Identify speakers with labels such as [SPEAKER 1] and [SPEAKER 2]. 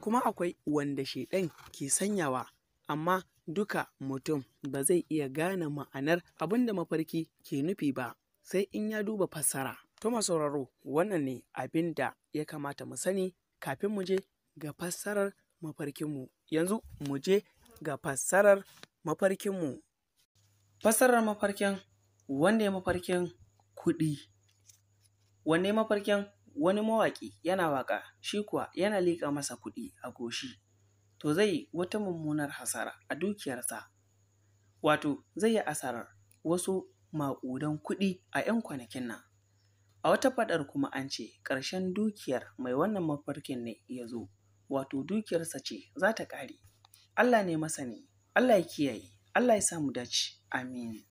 [SPEAKER 1] kuma akwai wanda shaiɗan ke sanyawa amma duka mutum ba zai iya gane ma'anar abin da mafarki ke nufi ba sai in ya duba fassara. Tuma sauraro wannan ne abin da ya kamata mu sani kafin mu je ga fassarar mafarkinmu. Yanzu mu je ga fassarar mafarkinmu. Fassarar mafarkin wanda ya mafarkin kuɗi, wanne mafarkin wani mawaƙi yana waƙa shi kuwa yana liƙa masa kuɗi a goshi to zai yi wata mummunar hasara a dukiyarsa wato zai yi asarar wasu maƙudan kuɗi a 'yan kwanakin nan a wata faɗar kuma an ce ƙarshen dukiyar mai wannan mafarkin ne ya zo wato dukiyarsa ce za ta ƙare allah ne masani allah ya kiyaye allah ya samu dace amin